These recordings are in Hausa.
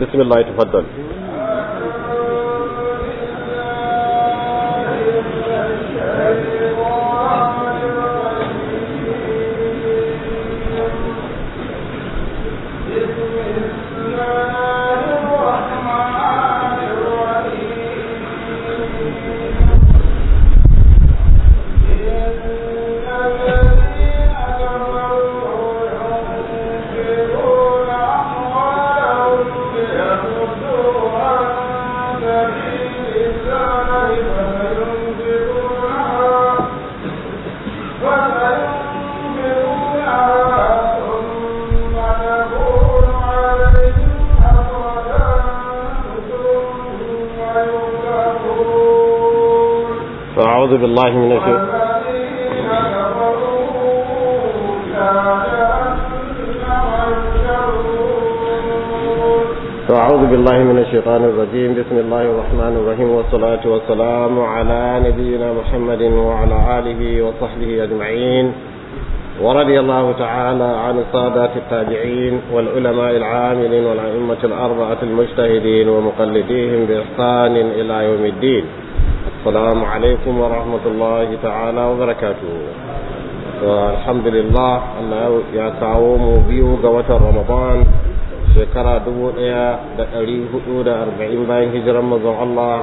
بسم الله تفضل أعوذ بالله من الشيطان أعوذ بالله من الشيطان الرجيم بسم الله الرحمن الرحيم والصلاة والسلام على نبينا محمد وعلى آله وصحبه أجمعين ورضي الله تعالى عن الصادات التابعين والعلماء العاملين والأئمة الأربعة المجتهدين ومقلديهم بإحسان إلى يوم الدين السلام عليكم ورحمة الله تعالى وبركاته الحمد لله الله يا تعوم بيو قوة رمضان شكرا دبو إيا دقليه أولى أربعين باين هجرا مزو الله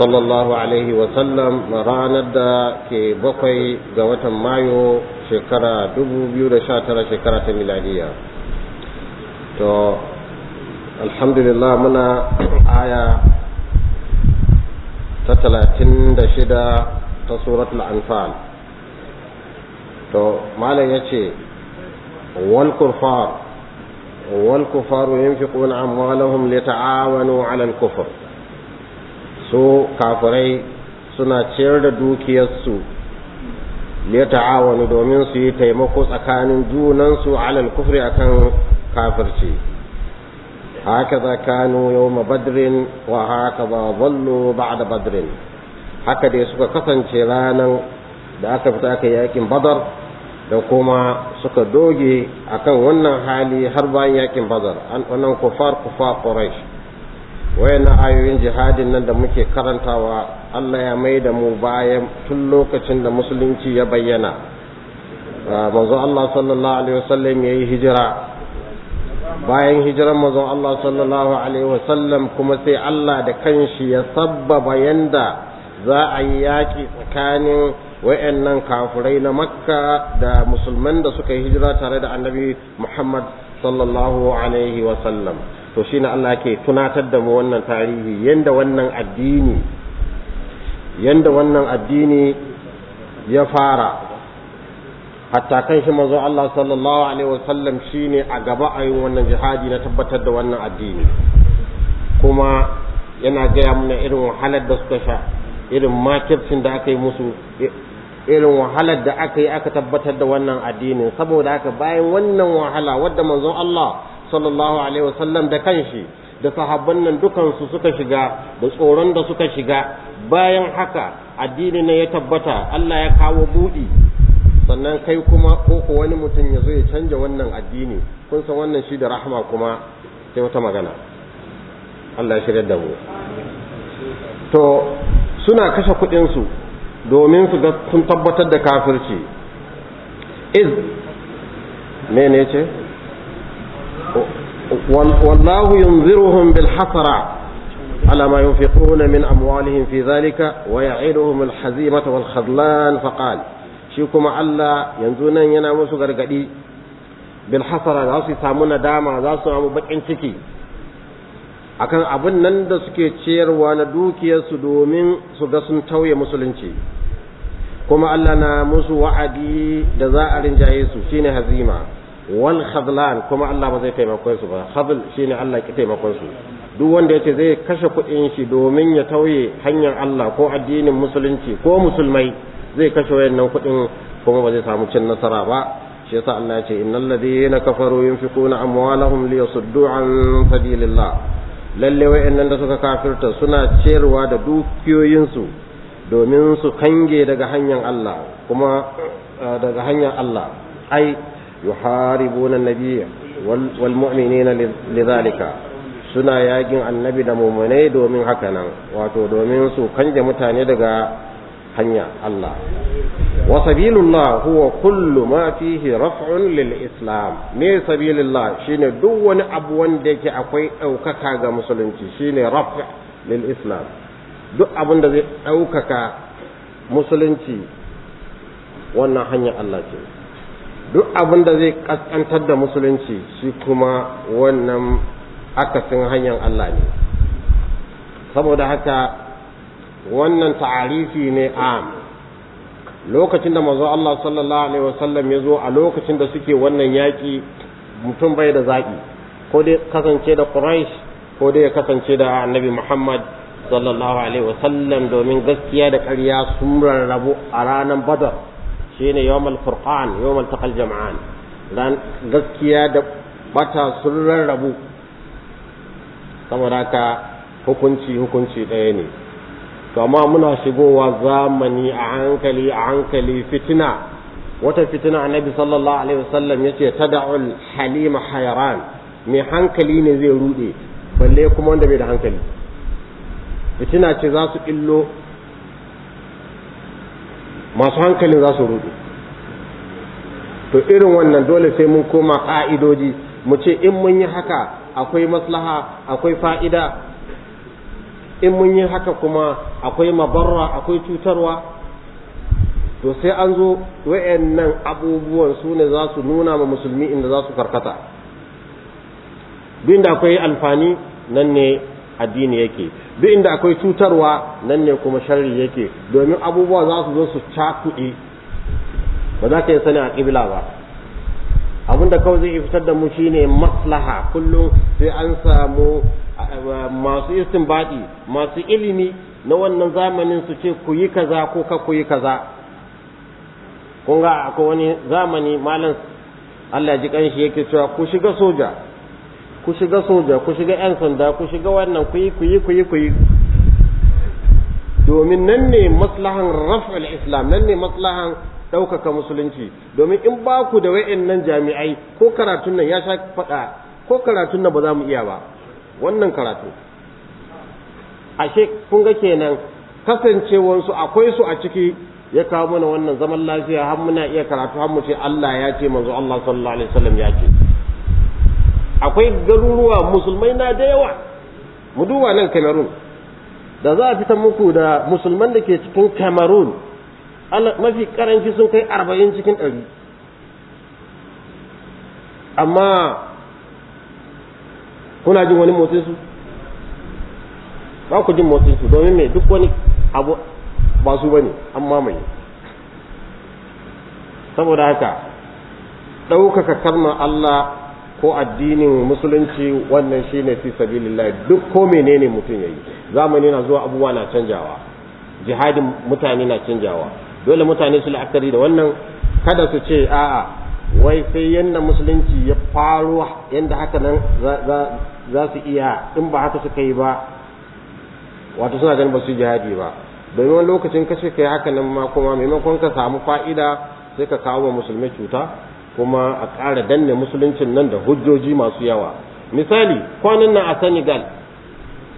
صلى الله عليه وسلم رانا دا كي بقي قوة مايو شكرا دبو بيو دشاترا شكرا ميلادية تو الحمد لله منا آية ta talatin da shida ta suratul anfal to malam ya ce wal kufar wal kufaru yunfiquna amwalahum lita'awanu 'ala al kufr so kafirai suna ciyar da dukiyarsu lita'awanu domin su yi taimako tsakanin junansu 'ala al kufri akan kafirci هكذا كانوا يوم بدر وهكذا ظلوا بعد بدر haka dai suka kasance ranar da aka fita aka yakin badar da kuma suka doge akan wannan hali har bayan yakin badar wannan kufar kufa quraish wayana ayoyin jihadin nan da muke karantawa Allah ya mai da mu bayan tun lokacin da musulunci ya bayyana manzo Allah sallallahu alaihi wasallam yayi hijira bayan hijiran mazan Allah sallallahu alaihi wasallam kuma sai Allah da kanshi ya sabbaba yanda za a yi yaƙi tsakanin wayannan kafurai na makka da musulman da suka yi hijira tare da annabi muhammad sallallahu alaihi wasallam to shine Allah ke tunatar da mu wannan tarihi yanda wannan addini yanda wannan addini ya fara hatta kan shi manzo Allah sallallahu alaihi wa sallam shine a gaba a yin wannan jihadi na tabbatar da wannan addini kuma yana gaya mana irin wahalar da suka sha irin makircin da aka yi musu irin wahalar da aka yi aka tabbatar da wannan addinin saboda haka bayan wannan wahala wadda manzo Allah sallallahu alaihi wa sallam da kanshi da sahabban nan dukansu suka shiga da tsoron da suka shiga bayan haka addini ne ya tabbata Allah ya kawo buɗi sannan kai kuma ko ko wani mutum ya zo ya canja wannan addini kun san wannan shi da rahama kuma sai wata magana Allah ya shirya da mu to suna kashe kuɗin su domin su ga sun tabbatar da kafirci iz mene ce wallahu yunziruhum bil hasara min ما ينفقون من أموالهم في ذلك ويعيدهم الحزيمة والخذلان فقال shi kuma Allah yanzu nan yana musu gargadi bil hasara za su samu nadama za su samu bakin ciki akan abin nan da suke ciyarwa na dukiyarsu domin su ga sun tauye musulunci kuma Allah na musu wa'adi da za a rinjaye su shine hazima wal khadlan kuma Allah ba zai taimakon su ba khadl shine Allah ke taimakon su duk wanda yace zai kashe kuɗin shi domin ya tauye hanyar Allah ko addinin musulunci ko musulmai zai kashe wayannan kuɗin kuma ba zai samu cin nasara ba shi yasa Allah ya ce innal ladina kafaru yunfiquna amwalahum liyasuddu an sabilillah lalle wayannan da suka kafirta suna ciyarwa da dukiyoyinsu domin su kange daga hanyar Allah kuma eh, daga hanyar Allah ai yuharibuna nabiyya wal mu'minina lidhalika suna yakin annabi da muminai domin haka nan wato domin su kanje mutane daga hanya Allah wa sabilullah huwa kullu ma fihi raf'un lil islam me sabilillah shine duk wani abu wanda yake akwai ɗaukaka ga musulunci shine raf' lil islam duk abun da zai ɗaukaka musulunci wannan hanya Allah ce duk abun da zai kaskantar da musulunci shi kuma wannan akasin hanyar Allah ne saboda haka wannan ta'arifi ne am lokacin da manzo Allah sallallahu alaihi wasallam ya zo a lokacin da suke wannan yaƙi mutum bai da zaki ko dai kasance da quraish ko dai kasance da Annabi Muhammad sallallahu alaihi wasallam domin gaskiya da ƙarya sun rarrabu a ranar Badar shine yawmal furqan yawmal taqal jam'an dan gaskiya da bata sun rarrabu saboda haka hukunci hukunci ɗaya ne kama muna shigowa zamani a hankali a hankali fitina wata fitina annabi sallallahu alaihi wasallam yace tad'ul halima hayran mai hankali ne zai rude balle kuma wanda bai da hankali fitina ce za su illo masu hankali za su rude to irin wannan dole sai mun koma ka'idoji mu ce in mun yi haka akwai maslaha akwai fa'ida in mun yi haka kuma akwai mabarra akwai cutarwa to sai an zo wayannan abubuwan su ne za su nuna ma musulmi inda za su karkata duk da akwai alfani nan ne addini yake duk inda akwai cutarwa nan ne kuma sharri yake domin abubuwa za su zo su cakuɗe ba za ka yi sani a ƙibla ba abinda kawai zai fitar da mu shine maslaha kullum sai an samu masu istinbadi masu ilimi na wannan zamanin su ce ku yi kaza ko ka ku yi kaza kun ga akwai wani zamani malam Allah ji kanshi yake cewa ku shiga soja ku shiga soja ku shiga yan sanda ku shiga wannan ku yi ku yi ku yi ku yi domin nan ne maslahan raf'ul islam nan ne maslahan ɗaukaka musulunci domin in ba ku da nan jami'ai ko karatun nan ya sha faɗa ko karatun nan ba za mu iya ba wannan karatu ashe kun ga kenan kasancewansu akwai su a ciki ya kawo mana wannan zaman lafiya har muna iya karatu har mu ce Allah ya ce manzo Allah sallallahu alaihi wasallam ya ce akwai garuruwa musulmai na da yawa mu duba nan Cameroon da za a fita muku da musulman da ke cikin Cameroon mafi karanci sun kai arba'in cikin ɗari amma kuna jin wani motsin su ba ku jin motsin su domin me duk wani abu ba su bane an mamaye saboda haka ɗaukaka kalmar Allah ko addinin musulunci wannan shine fi sabilillah duk ko menene mutum yayi zamani na zuwa abubuwa na canjawa jihadin mutane na canjawa dole mutane su la'akari da wannan kada su ce a'a wai sai yanda musulunci ya faruwa yanda haka nan za su iya in ba haka suka yi ba wato suna ganin ba su jihadi ba domin wani lokacin ka kai haka nan ma kuma maimakon ka samu fa'ida sai ka kawo wa musulmi cuta kuma a ƙara danne musuluncin nan da hujjoji masu yawa misali kwanan nan a senegal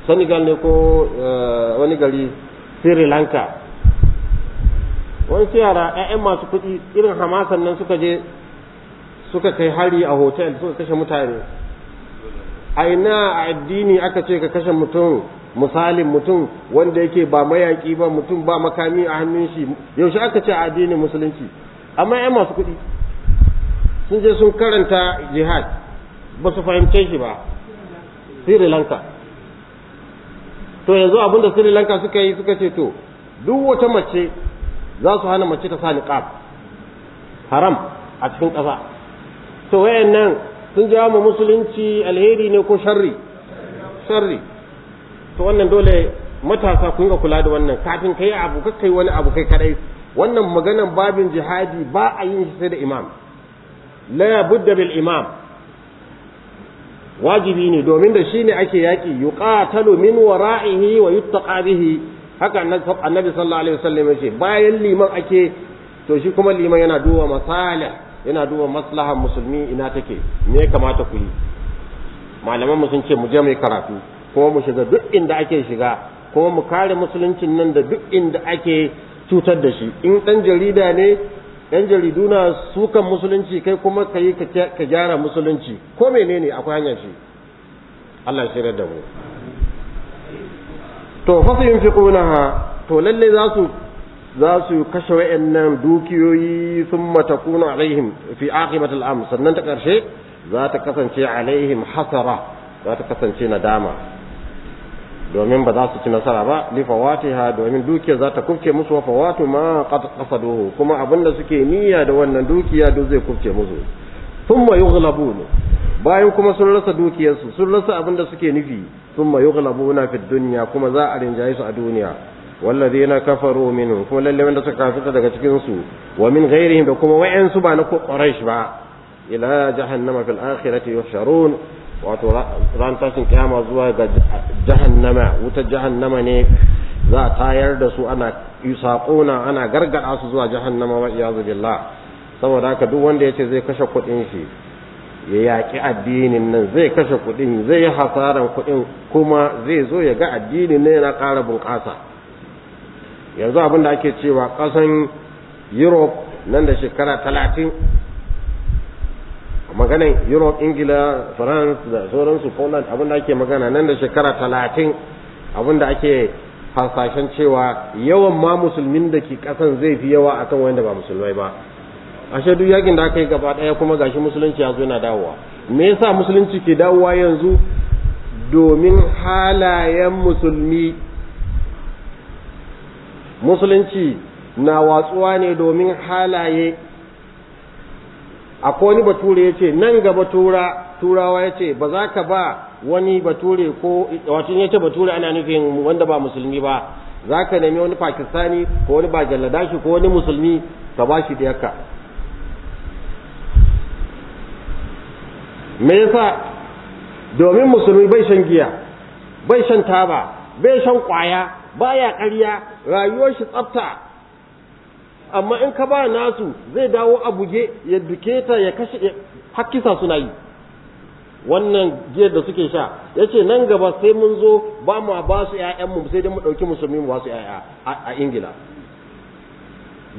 senegal ne ko eh, wani gari sri lanka wani yara 'ya'yan masu kuɗi irin hamasan nan suka je suka kai hari a hotel suka kashe mutane aina a addini aka ce ka kashe mutum misalin mutum wanda yake ba mayaki ba mutum ba makami a hannun shi yaushe aka ce a addinin musulunci amma yan masu kuɗi sun je sun karanta jihad ba su fahimce shi ba sri lanka to yanzu abinda sri lanka suka yi suka ce to duk wata mace za su hana mace ta sa niqab haram a cikin ƙasa to wayannan sun jawo mu musulunci alheri ne ko sharri sharri to wannan dole matasa kun ga kula da wannan kafin kai abu ka kai wani abu kai kadai wannan maganan babin jihadi ba a yin shi sai da imam la budda bil imam wajibi ne domin da shi ne ake yaki yuqatalu min wara'ihi wa yuttaqa bihi haka annabi sallallahu alaihi wasallam ya ce bayan liman ake to shi kuma liman yana duba masalih yana duba maslahar musulmi ina take me ya kamata ku yi malaman mu sun ce mu je mu karatu ko mu shiga duk inda ake shiga ko mu kare musuluncin nan da duk inda ake cutar da shi in dan jarida ne yan jaridu na sukan musulunci kai kuma kai ka gyara musulunci ko menene akwai hanyar shi Allah ya da mu to fa yunfiquna to lalle za su za su kashe wa'annan dukiyoyi sun matakuna alaihim fi akimat al'am sannan ta ƙarshe za ta kasance alaihim hasara za ta kasance nadama domin ba za su ci nasara ba li fawatiha domin dukiyar za ta kufce musu wa fawatu ma qad qasaduhu kuma abinda suke niyya da wannan dukiya duk zai kufce musu thumma yughlabun bayan kuma sun rasa dukiyarsu sun rasa abinda suke nufi thumma yughlabuna fid dunya kuma za a rinjaye su a duniya والذين كفروا منهم كما للي من تكافت daga cikin su wa min ghairihim da kuma wayan su ba na Quraysh ba ila jahannama fil akhirati yuhsharun wato ran tashin kiyama zuwa ga jahannama wuta jahannama ne za a tayar da su ana saƙona ana gargada su zuwa jahannama wa iyazu billah saboda haka duk wanda ce zai kashe kuɗin shi ya yaƙi addinin nan zai kashe kuɗin zai yi hasaran kuɗin kuma zai zo ya ga addinin na yana ƙara bunƙasa yanzu abin da ake cewa kasan europe nan da shekara talatin maganin europe ingila france da sauransu poland abin da ake magana nan da shekara talatin abin da ake hasashen cewa yawan ma musulmin da ke ƙasan zai fi yawa akan wanda ba musulmai ba ashe duk yakin da aka yi gaba ɗaya kuma gashi musulunci ya zo yana dawowa me yasa musulunci ke dawowa yanzu domin halayen musulmi musulunci na watsuwa ne domin halaye akwai wani bature ya ce nan gaba tura turawa ya ce ba za ka ba wani bature ko wato ya bature ana nufin wanda ba musulmi ba za ka nemi wani pakistani ko wani bajalladashi ko wani musulmi ka ba shi yaka me yasa domin musulmi bai shan giya bai shan taba bai shan kwaya baya ƙarya rayuwar shi tsafta amma in ka ba nasu zai dawo a buge ya duke ta ya kashe hakisa suna yi wannan giyar da suke sha ya ce nan gaba sai mun zo ba mu ba su ‘ya'yanmu sai dai mu ɗauki musulmi mu ba su ‘ya'ya a ingila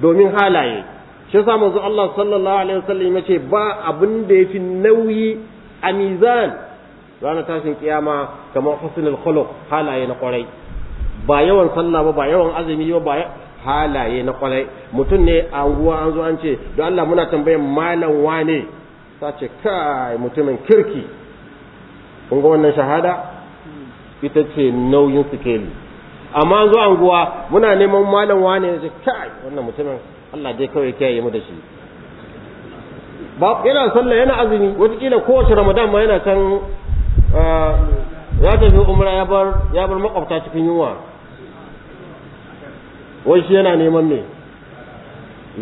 domin halaye shi yasa manzo Allah sallallahu alaihi wasallam ya ce ba abin da ya fi nauyi a mizan ranar tashin kiyama kamar fasilin khuluq halaye na kwarai ba yawan sallah ba ba yawan azumi ba ba halaye na kwarai mutum ne a ruwa an zo an ce don Allah muna tambayan malam wane ta ce kai mutumin kirki kun ga wannan shahada ita ce nauyin sikeli amma an zo anguwa muna neman malam wane ya ce kai wannan mutumin Allah dai kawai kiyaye mu da shi ba yana sallah yana azumi wataƙila kowace ramadan ma yana can ah, ya tafi umra ya bar ya bar makwabta cikin yunwa wai shi yana neman me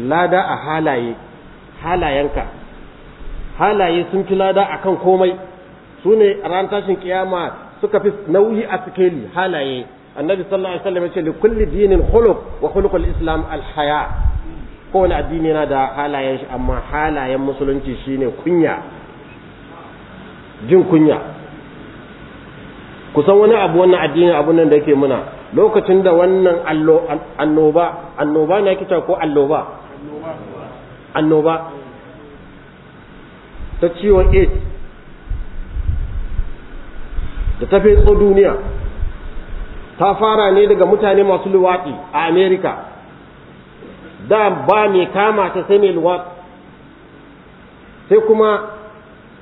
lada a halaye halayenka halaye sun fi lada a kan komai su ne a ran tashin kiyama suka fi nauyi a sikeli halaye annabi sallallahu alaihi wasallam ya ce li kulli dinin khuluq wa khuluqul islam al haya kowane addini yana da halayen shi amma halayen musulunci shine kunya jin kunya kusan wani abu wannan addini abun nan da yake muna lokacin da wannan annoba annoba na kita ko alloba annoba ta ciwon aids da ta fetso duniya ta fara ne daga mutane masu luwaɗi a amerika da ba mai kama ta sai mai luwaɗi sai kuma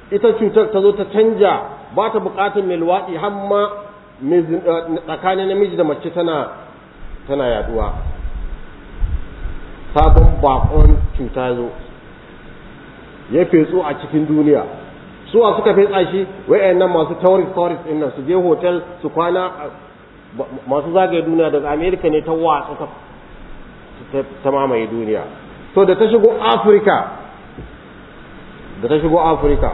ita cutar ta zo ta canja ba ta buƙatar mai luwaɗi har ma Eh, tsakanin namiji da mace tana tana yaduwa sabon bakon cuta zo ya fetso a cikin duniya suwa suka fetsa shi nan masu tourist tourist din nan su je hotel su kwana masu zagaye duniya daga Amerika ne ta watsa ta mamaye duniya to da ta shigo afirka da ta shigo afirka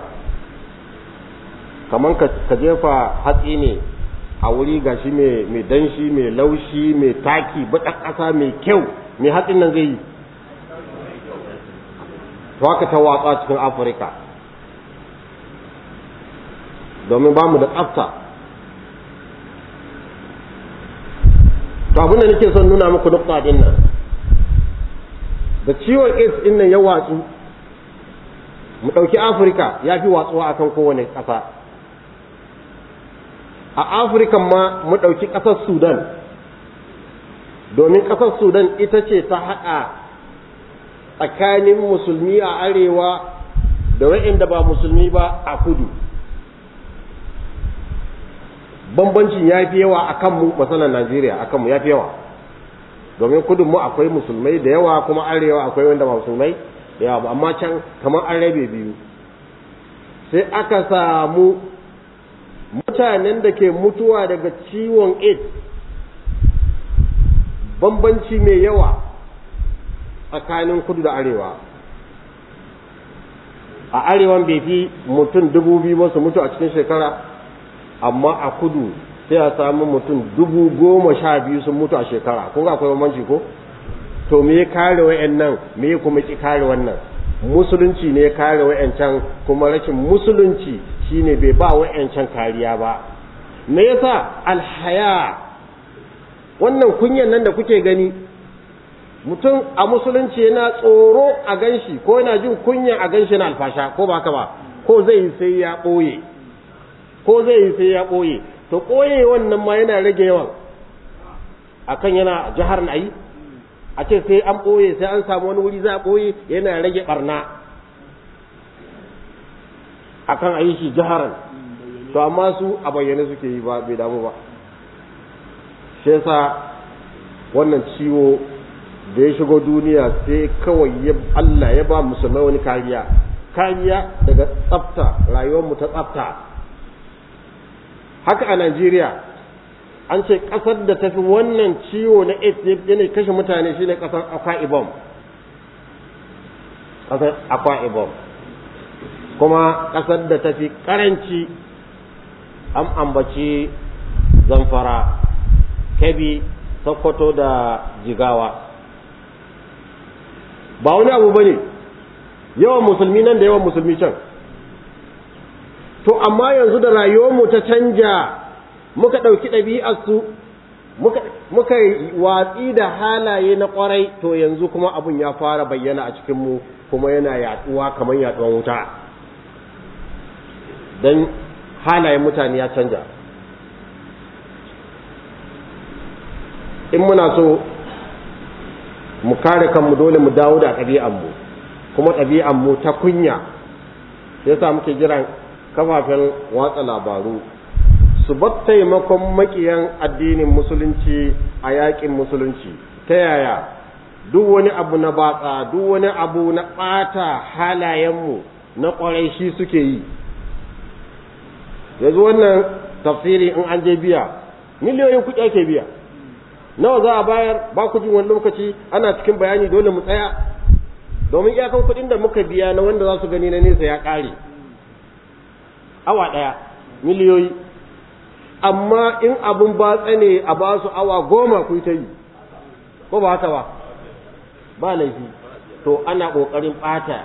kamar ka jefa hatsi ne a wuri gashi mai danshi mai laushi mai taki baƙar ƙasa mai kyau mai haɗin nan zai yi to haka ta watsa cikin afirka domin ba mu da tsafta to abin da nake son nuna muku nukta din nan da ciwon aids din nan ya watsu mu ɗauki afirka ya fi watsuwa akan kowane ƙasa a afirka ma mu ɗauki ƙasar sudan domin ƙasar sudan ita ce ta haɗa tsakanin musulmi a arewa da wa'inda ba musulmi ba a kudu bambancin ya fi yawa a kanmu matsalar najeriya a kanmu ya fi yawa domin kudinmu akwai musulmai da yawa kuma arewa akwai wanda ba musulmai da yawa amma can kamar an rabe biyu sai aka samu mutanen da ke mutuwa daga ciwon aids bambanci mai yawa tsakanin kudu da arewa a Arewa bai fi mutum dubu biyu ba su mutu a cikin shekara amma a kudu sai a samu mutum dubu goma sha biyu sun mutu a shekara kun ga akwai bambanci ko to me ya kare nan? me kuma ki kare wannan musulunci ne ya kare can, kuma rashin musulunci shine bai ba wa'yancan kariya ba me yasa alhaya wannan kunyan nan da kuke gani mutum a musulunci yana tsoro a ganshi ko yana jin kunya a ganshi na alfasha ko ba ka ba ko zai yi sai ya ɓoye ko zai yi sai ya ɓoye to ɓoye wannan ma yana rage yawan akan yana jihar na yi a ce sai an ɓoye sai an samu wani wuri za a ɓoye yana rage ɓarna akan a yi shi jaharan to amma su a bayyane suke yi ba bai damu ba shi yasa wannan ciwo da ya shigo duniya sai kawai Allah ya ba musulmai wani kariya kariya daga tsafta rayuwarmu ta tsafta haka a Najeriya an ce ƙasar da tafi wannan ciwo na AIDS yana kashe mutane shine kasar Akwa Ibom ƙasar Akwa Ibom kuma ƙasar da ta fi ƙaranci an ambaci zamfara kebi sokoto da jigawa ba wani abu bane yawan musulmi nan da yawan musulmi can to amma yanzu da rayuwarmu ta canja muka ɗauki ɗabi'arsu muka watsi da halaye na ƙwarai to yanzu kuma abun ya fara bayyana a cikinmu kuma yana yaɗuwa kamar yaɗuwar wuta don halayen mutane ya canja in muna so mu kare kanmu dole mu dawo da ɗabi'anmu kuma ɗabi'anmu ta kunya yasa muke jiran kafafen watsa labaru su bar taimakon makiyan addinin musulunci a yakin musulunci ta yaya duk wani abu na batsa duk wani abu na ɓata halayenmu na ƙwarai shi suke yi yanzu wannan tafsiri in an je biya miliyoyin kuɗi ake biya nawa za a bayar ba ku jin wani lokaci ana cikin bayani dole mu tsaya domin iyakan kuɗin da muka biya na wanda za su gani na nesa ya ƙare awa ɗaya miliyoyi amma in abin ba ne a ba su awa goma ku ta yi ko ba haka ba ba laifi to ana ƙoƙarin ɓata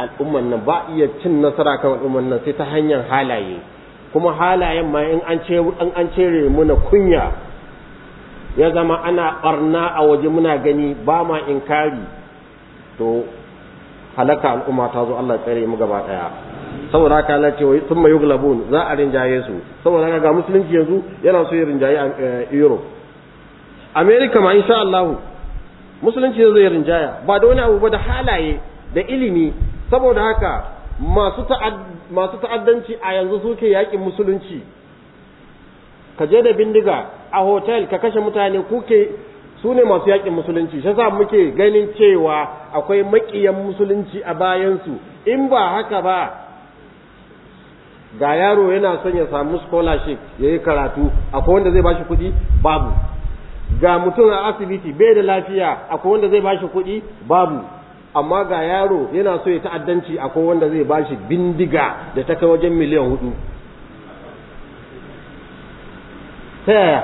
al'umman nan ba iya cin nasara kan al'umman nan sai ta hanyar halaye kuma halayen ma in an ce an an muna kunya ya zama ana barna a waje muna gani ba ma inkari to halaka al'umma ta zo Allah tsare mu gaba daya saboda haka Allah ce sun mai yuglabun za a rinjaye su saboda haka ga musulunci yanzu yana so ya rinjaye a eh, Europe America ma insha Allah musulunci zai rinjaya ba da wani abu ba da halaye da ilimi saboda haka masu ta'addanci a yanzu suke yakin musulunci ka je da bindiga a hotel ka kashe mutane kuke su masu yakin musulunci shi sa muke ganin cewa akwai maƙiyan musulunci a bayansu in ba haka ba ga yaro yana son ya samu scholarship ya yi karatu akwai wanda zai bashi kuɗi babu ga mutum a asibiti bai da lafiya akwai wanda zai bashi kuɗi babu amma ga yaro yana so ya ta'addanci akwai wanda zai shi bindiga da ta kai wajen miliyan hudu ta yaya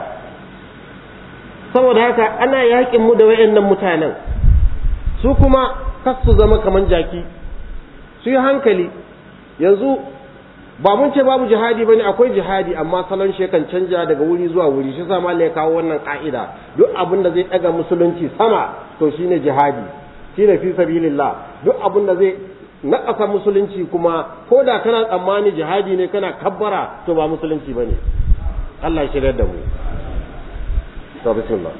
saboda haka ana yakin mu da wayannan mutanen su kuma kasu zama kamar jaki su yi hankali yanzu ba mun ce babu jihadi ba ne, akwai jihadi amma salon shi kan canja daga wuri zuwa wuri shi sa ya kawo wannan ka'ida duk abinda zai daga musulunci sama to shine jihadi ne fi sabilillah duk abin da zai na musulunci kuma ko da kana tsammani jihadi ne kana kabbara to ba musulunci ba ne Allah ya shirya da mu to bismillah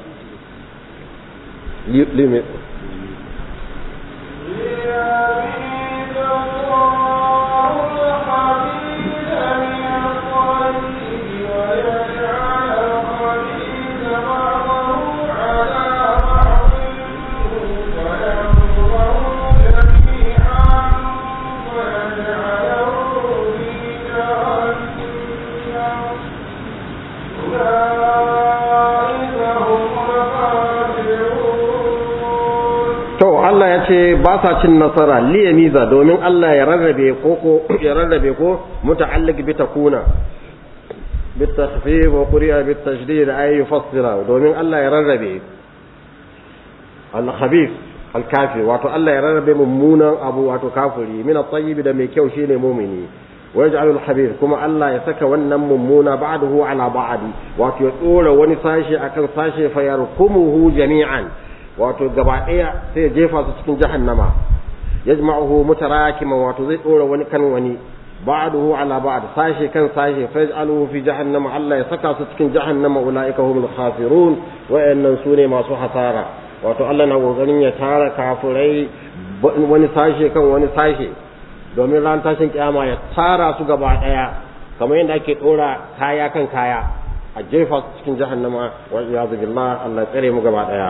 ce ba sa cin nasara liya miza domin Allah ya rarrabe ko ko ya rarrabe ko muta'alliq bi takuna بالتخفيف وقرئ بالتجديد أي يفصل دومين الله يرربي الخبيث الكافر واتو الله يرربي ممونا أبو واتو كافري من الطيب دمي كوشين مؤمني ويجعل الخبيث كما الله يسكى ونم ممونا بعده على بعض واتو يقول ونساشي أكن ساشي فيركمه جميعا wato gaba ɗaya sai ya jefa su cikin jahannama yajma'uhu mutarakiman wato zai ɗora wani kan wani ba'aduhu ala ba'd sashe kan sashe faj'aluhu fi jahannama Allah ya saka su cikin jahannama ulaika humul khasirun wa'annan sune masu hasara wato Allah na gogarin ya tara kafirai wani sashe kan wani sashe domin ran tashin kiyama ya tara su gaba daya kamar yadda ake dora kaya kan kaya a jefa su cikin jahannama wa iyazu billah Allah tsare mu gaba ɗaya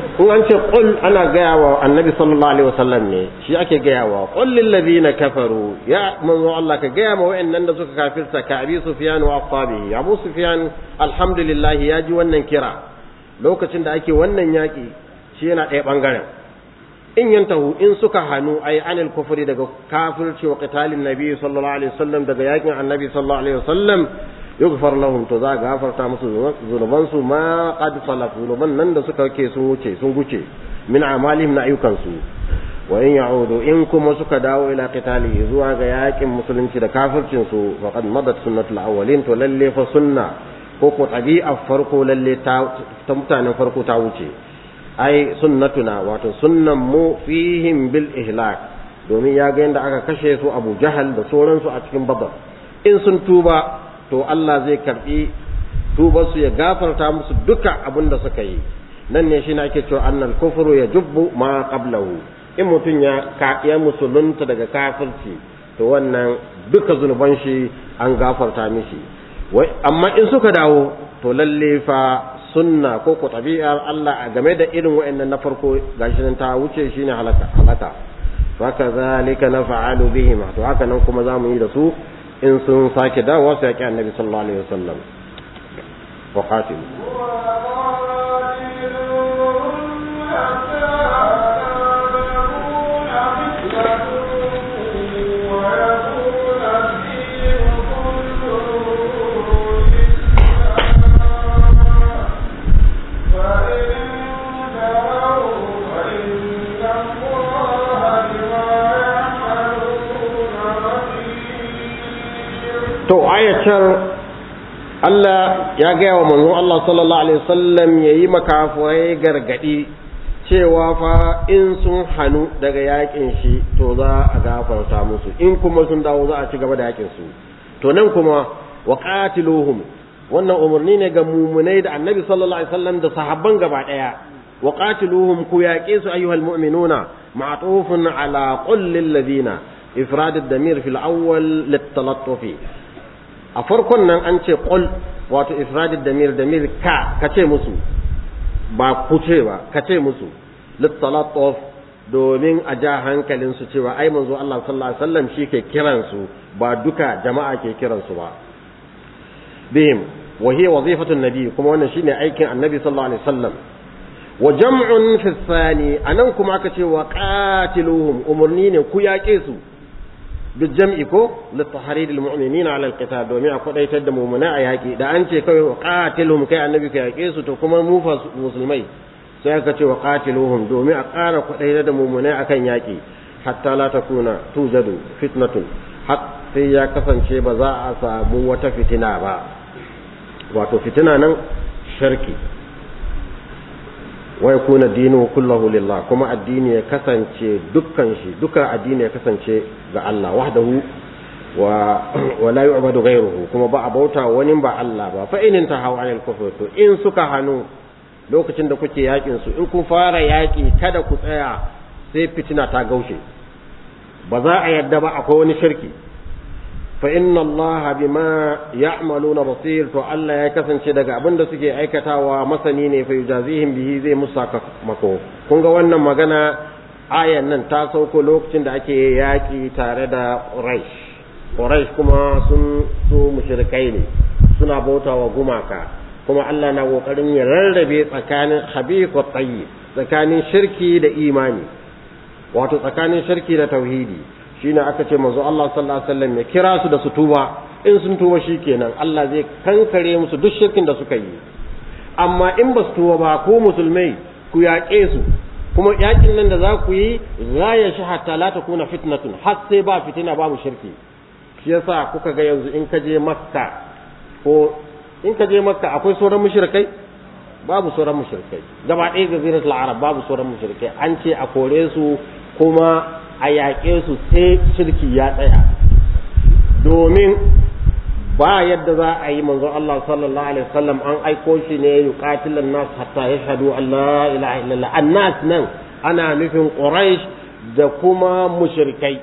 in an ce qul ana gaya wa annabi sallallahu alaihi wasallam ne shi ake gaya wa qul lil ladina kafaru ya manzo Allah ka gaya ma wa'annan da suka kafirta ka abi sufyan wa ya abu sufyan alhamdulillah ya ji wannan kira lokacin da ake wannan yaki shi yana ɗaya bangaren in yantahu in suka hanu ay anil kufri daga kafirci wa qitalin nabi sallallahu alaihi wasallam daga yakin annabi sallallahu alaihi wasallam yughfar lahum to za a gafarta musu zunuban su ma qad salafu zunuban nan da suka ke sun wuce sun guce min amalihim na ayyukan su wa in ya'udu in kuma suka dawo ila qitali zuwa ga yakin musulunci da kafircin su faqad madat sunnatul awwalin to lalle fa sunna ko ko tabi'a farko lalle ta mutanen farko ta wuce ai sunnatuna wato sunnan mu fihim bil ihlak domin ya ga yadda aka kashe su Abu Jahal da sauransu a cikin Badr in sun tuba to Allah zai karbi su ya gafarta musu duka abin da suka yi nan ne shi na ake cewa annal kufru ya jubbu ma qablahu in mutum ya ya musulunta daga kafirci to wannan duka zunuban shi an gafarta mishi amma in suka dawo to lalle fa sunna ko ko tabi'ar Allah a game da irin wa'annan na farko gashi nan ta wuce shine halaka halaka fa kadhalika naf'alu bihim to haka nan kuma zamu yi da su in sun sake dawowa su ake annabi sallallahu alaihi wasallam wa qatilu ayatar Allah ya gaya wa manzon Allah sallallahu alaihi wasallam yayi makafuwai gargadi cewa fa in sun hanu daga yakin shi to za a gafarta musu in kuma sun dawo za a ci gaba da yakin su to nan kuma wa qatiluhum wannan umarni ne ga mumunai da annabi sallallahu alaihi wasallam da sahabban gaba daya wa qatiluhum ku yaƙe su ayyuhal mu'minuna ma'tufun ala qul ladina ifrad ad-damir fil awwal lit-talattufi a farkon nan an ce qul wato ifradid damir damir ka kace musu ba ku ce ba kace musu littalatuf domin a ja hankalin su cewa ai manzo Allah sallallahu alaihi wasallam shi ke kiran su ba duka jama'a ke kiran su ba bihim wa hiya wazifatu nabi kuma wannan shine aikin annabi sallallahu alaihi wasallam wa jam'un fi thani anan kuma aka ce wa qatiluhum umurni ne ku yaƙe su duk jam'i ko littaharidil mu'minin ala alqital domin a kwadaitar da mu'mina a yaki da an ce kawai wa qatiluhum kai annabi ka yake su to kuma mu musulmai sai aka ce wa qatiluhum domin a kara kwadaitar da mu'mina akan yaki hatta la takuna tujadu fitnatun har sai ya kasance ba za a samu wata fitina ba wato fitina nan sharki wa kuna dinu kullahu lillah kuma addini ya kasance dukkan shi dukkan addini ya kasance ga Allah wahdahu wa wa la yu'badu ghayruhu kuma ba a bauta wani ba Allah ba fa in tahaw anil kufr to in suka hanu lokacin da kuke yakin su in kun fara yaki kada ku tsaya sai fitina ta gaushe ba za a yadda ba akwai wani shirki fa inna Allah bima ya'maluna basir to Allah ya kasance daga abin da suke aikatawa masani ne fa yujazihim bihi zai musa mako kun ga wannan magana ayan nan ta sauko lokacin da ake yaki tare da quraish quraish kuma sun su mushrikai ne suna bautawa gumaka kuma Allah na kokarin ya rarrabe tsakanin khabith wa tsakanin shirki da imani wato tsakanin shirki da tauhidi shine aka ce manzo Allah sallallahu alaihi wasallam ya kira su da su tuba in sun tuba shikenan Allah zai kankare musu duk shirkin da suka yi amma in ba su tuba ba ko musulmai ku yaƙe su kuma yakin nan da za ku yi za ya shi hatta la kuna fitnatun har sai ba fitina babu shirki shi yasa kuka ga yanzu in ka je makka ko in ka je makka akwai sauran mushrikai babu sauran mushrikai gaba ɗaya ga zirar arab babu sauran mushrikai an ce a kore su kuma a yaƙe su sai shirki ya tsaya domin ba yadda za a yi manzo Allah sallallahu alaihi wasallam an aiko shi ne yuqatilan nas hatta yashhadu an la ilaha illallah annas nan ana nufin quraish da kuma mushrikai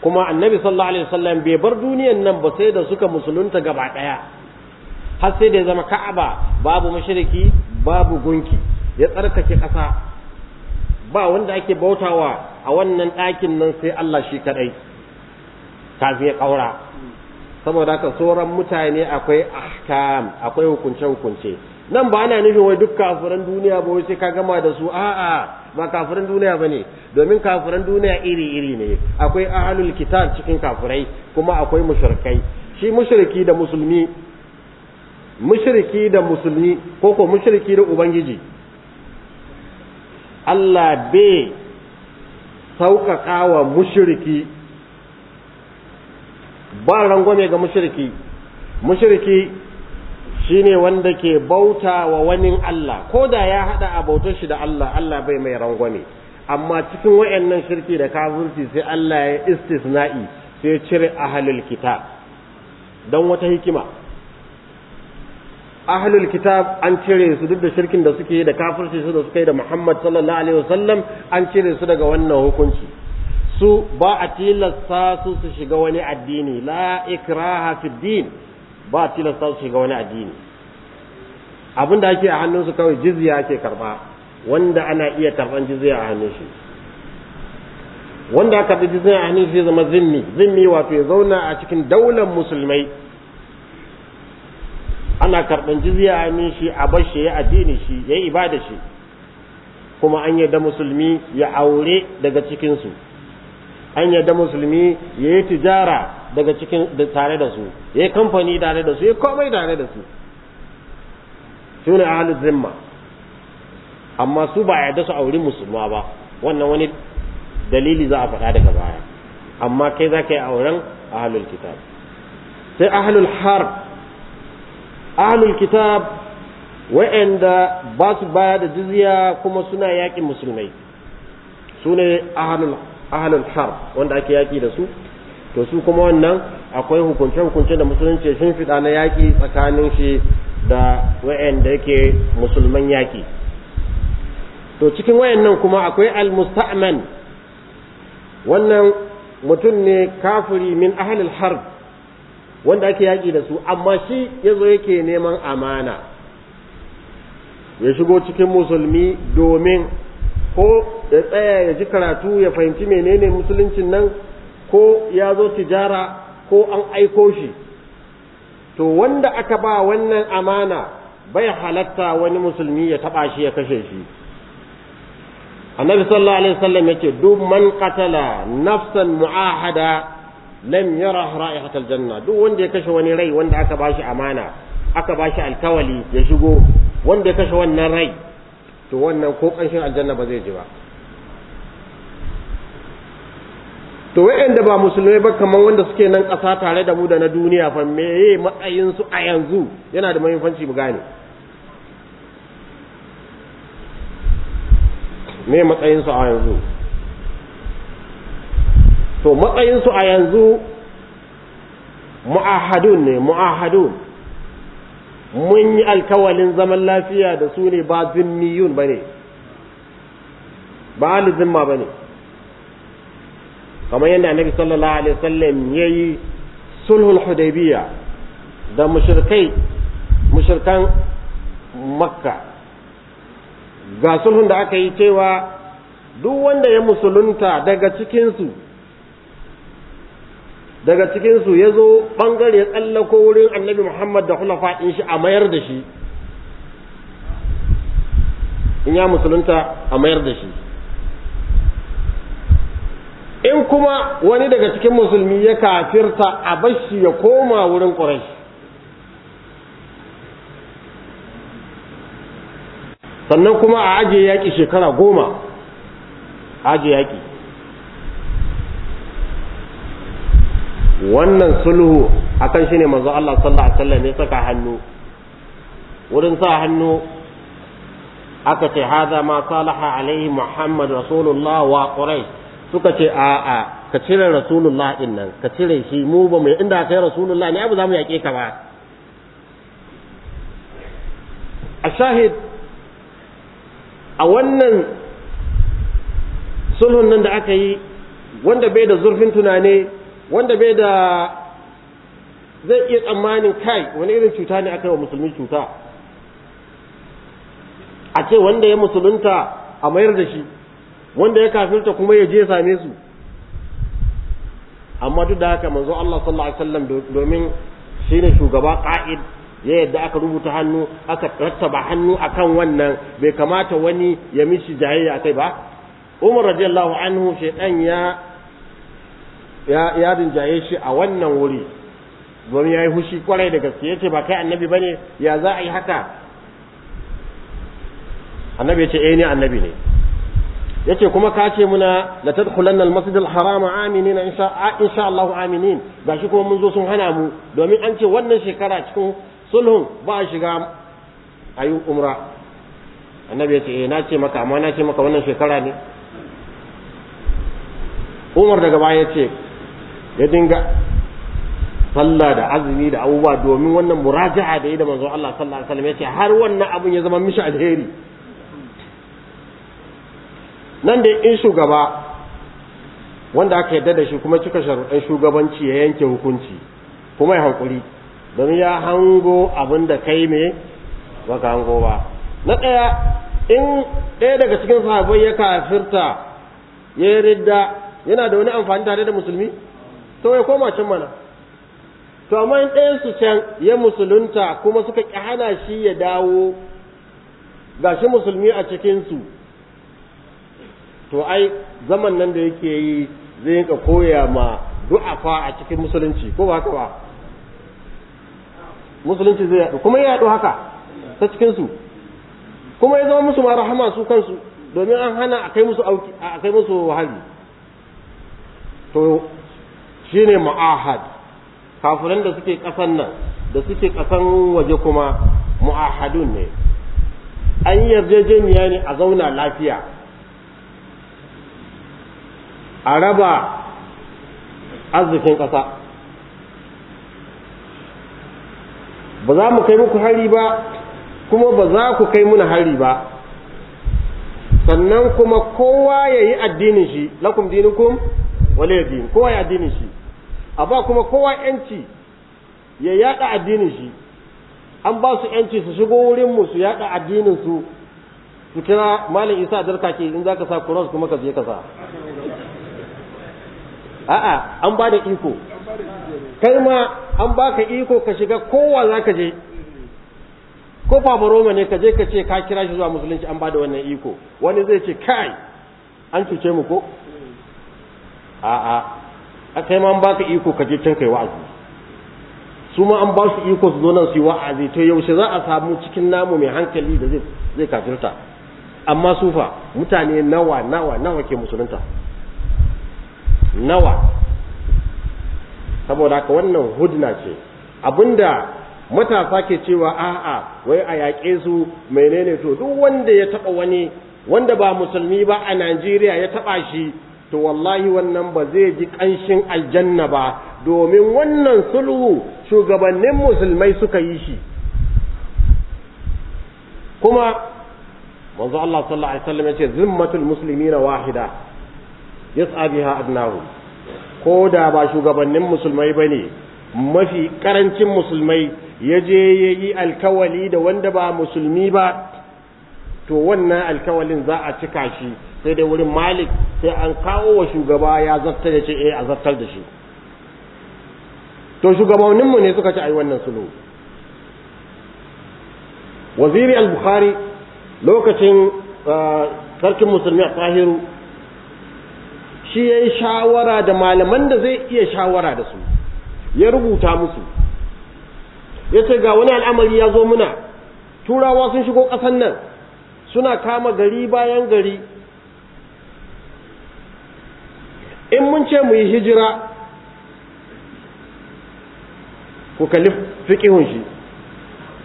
kuma annabi sallallahu alaihi wasallam bai bar duniyan nan ba sai da suka musulunta gaba daya har sai da ya zama ka'aba babu mushriki babu gunki ya tsarkake ƙasa ba wanda ake bautawa a wannan ɗakin nan sai Allah shi kaɗai kafin ya ƙaura saboda haka sauran mutane akwai ahkam akwai hukunce hukunce nan ba ana nufin wai duk kafiran duniya ba wai ka gama da su a'a ba kafiran duniya ba ne domin kafiran duniya iri iri ne akwai ahlul kitab cikin kafirai kuma akwai mushrikai shi mushriki da musulmi mushriki da musulmi ko ko mushriki da ubangiji Allah bai sauƙaƙa wa mushiriki ba rangwame ga mushiriki mushiriki shine wanda ke bauta wa wani Allah ko da ya haɗa a bautar shi da Allah Allah bai mai rangwame amma cikin wayannan shirki da kafirci sai Allah ya istisna'i sai ya cire ahlul kitab don wata hikima ahlul kitab an cire su duk da shirkin da suke da kafirci su da suka yi da Muhammad sallallahu alaihi wasallam an cire su daga wannan hukunci su ba a tilasta su su shiga wani addini la ikraha fi din ba a tilasta su shiga wani addini abin da ake a hannunsu kawai jizya ake karba wanda ana iya karban jizya a hannun shi wanda aka karbi jizya a hannun shi zama zimmi zimmi wato ya zauna a cikin daular musulmai ana karɓar jizya min shi a bar shi ya addini shi ya yi ibada shi kuma an yarda musulmi ya aure daga cikinsu an yarda musulmi ya yi tijara daga cikin tare da su ya yi kamfani tare da su ya komai tare da su su ne ahalin zimma amma su ba yarda su auri musulma ba wannan wani dalili za a faɗa daga baya amma kai za ka yi auren ahalul kitab sai ahalul harb ahlul kitab wa'anda ba su baya da jizya kuma suna yaƙin musulmai su ne ahlul har wanda ake yaƙi da su to su kuma wannan akwai hukunce-hukunce da musulunci sun fiɗa na yaƙi tsakanin shi da wa'anda yake musulman yaƙi to cikin wayannan kuma akwai al-musta'man wannan mutum ne kafiri min ahlul harb wanda ake yaki da su amma shi ya zo yake neman amana ya shigo cikin musulmi domin ko ya tsaya ya ji karatu ya fahimci menene musuluncin nan ko ya zo tijara ko an aiko shi to wanda aka ba wannan amana bai halatta wani musulmi ya taɓa shi ya kashe shi annabi sallallahu alaihi wasallam yake duk man qatala nafsan mu'ahada lam yara ra'ihatal janna duk wanda ya kashe wani rai wanda aka bashi amana aka bashi alkawali ya shigo wanda ya kashe wannan rai to wannan ko kanshin aljanna ba zai ji ba to wayanda ba musulmai ba kamar wanda suke nan ƙasa tare da mu da na duniya fa meye matsayin su a yanzu yana da muhimmanci mu gane me matsayin su a yanzu to matsayinsu a yanzu mu'ahadun ne mu'ahadun mun yi alkawalin zaman lafiya da su ne ba zimmiyun ba ne ba zimma ba ne kamar yadda annabi sallallahu alaihi wasallam ya yi sulhul hudaybiya da mushrikai mushrikan makka ga sulhun da aka yi cewa duk wanda ya musulunta daga cikinsu daga cikinsu ya zo ɓangare tsallako wurin annabi muhammad da hulafa faɗin shi a mayar da shi in ya musulunta a mayar da shi in kuma wani daga cikin musulmi ya kafirta a bashi ya koma wurin ƙurashi sannan kuma a ajiye yaƙi shekara goma ajiye yaƙi wannan sulhu akan shi ne manzo Allah sallallahu alaihi wasallam ya saka hannu wurin sa hannu aka ce hadha ma salaha alaihi muhammad rasulullah wa quraish suka ce a a ka cire rasulullah din nan ka cire shi mu ba mu inda kai rasulullah ne abu zamu yake ka ba ashahid a wannan sulhun nan da aka yi wanda bai da zurfin tunane wanda bai da zai iya tsammanin kai wani irin cuta ne aka yi wa musulmi cuta a ce wanda ya musulunta a mayar da shi wanda ya kafirta kuma ya je same su amma duk da haka manzo Allah sallallahu alaihi wasallam domin shine shugaba qa'id ya yadda aka rubuta hannu aka rattaba hannu akan wannan bai kamata wani ya mishi jayayya akai ba Umar radiyallahu anhu shaydan ya ya rinjaye shi a wannan wuri domin ya yi hushi kwarai da gaske yake ba kai annabi bane ya za a yi haka annabi ya ce eh ni annabi ne yace kuma ka ce muna la tadkhulanna al-masjid al-haram aminin insha insha Allah aminin gashi kuma mun zo sun hana mu domin an ce wannan shekara cikin sulhun ba a shiga yi umra annabi ya ce eh na ce maka amma na ce maka wannan shekara ne Umar daga baya ya ce ya dinga sallah da azumi da abubuwa domin wannan muraja'a da yi da manzon Allah sallallahu alaihi wasallam yace har wannan abun ya zama mishi alheri nan da in shugaba wanda aka yarda da shi kuma cika sharuɗan shugabanci ya yanke hukunci kuma ya hankuri don ya hango abin da kai me baka hango ba na ɗaya in ɗaya daga cikin sahabbai ya kafirta ya yarda yana da wani amfani tare da musulmi to ya koma can mana to amma in ɗayan su can ya musulunta kuma suka ƙi hana shi ya dawo gashi musulmi a cikin su to ai zaman nan da yake yi zai yinka koya ma du'afa a cikin musulunci ko ba haka ba musulunci zai yaɗu kuma ya yaɗu haka ta cikin su kuma ya zama musu ma rahama su kansu domin an hana a kai musu a kai musu to Shi ne mu'ahad kafiran da suke kasan nan da suke ƙasan waje kuma mu'ahadun ne an yarjejeniya ne a zauna lafiya a raba arzikin ƙasa ba za mu kai muku hari ba kuma ba za ku kai muna hari ba sannan kuma kowa ya yi addinin shi lakum dinukum wale din kowa ya addinin shi a ba kuma kowa yanci ya yada addinin shi an ba su yanci su shigo wurinmu su yada addinin su su kira Malin isa darka ke in za ka sa Kuros kuma ka je ka sa a'a an ba da iko kai ma an baka iko ka shiga kowa za ka je ko fafaroma ne ka je ka ce ka kira shi zuwa musulunci an bada wannan iko wani zai ce kai an cuce mu ko a'a a kai ma an baka iko ka je can kai wa'azi su ma an ba su iko su zo nan su wa'azi to yaushe za a samu cikin namu mai hankali da zai zai kafirta amma sufa mutane nawa nawa nawa ke musulunta nawa saboda haka wannan hudna ce abinda matasa ke cewa a'a wai a yaƙe su menene to duk wanda ya taɓa wani wanda ba musulmi ba a Najeriya ya taɓa shi to wallahi wannan ba zai ji ƙanshin aljanna ba domin wannan sulhu shugabannin musulmai suka yi shi kuma manzo Allah sallallahu alaihi wasallam yace zimmatul muslimina wahida yas'a biha adnahu ko da ba shugabannin musulmai bane mafi karancin musulmai yaje yayi alkawali da wanda ba musulmi ba to wannan alkawalin za a cika shi sai dai wurin malik sai an kawo wa shugaba ya zartar ya ce eh a zartar da shi to shugabanninmu ne suka ci a yi wannan sulhu waziri al-bukhari lokacin uh, sarkin musulmi a tahiru shi ya yi shawara da malaman da zai iya shawara da su ya rubuta musu ya ce ga wani al'amari ya zo muna turawa sun shigo ƙasan nan suna kama gari bayan gari in mun ce mu yi hijira ku kalli fiƙihun shi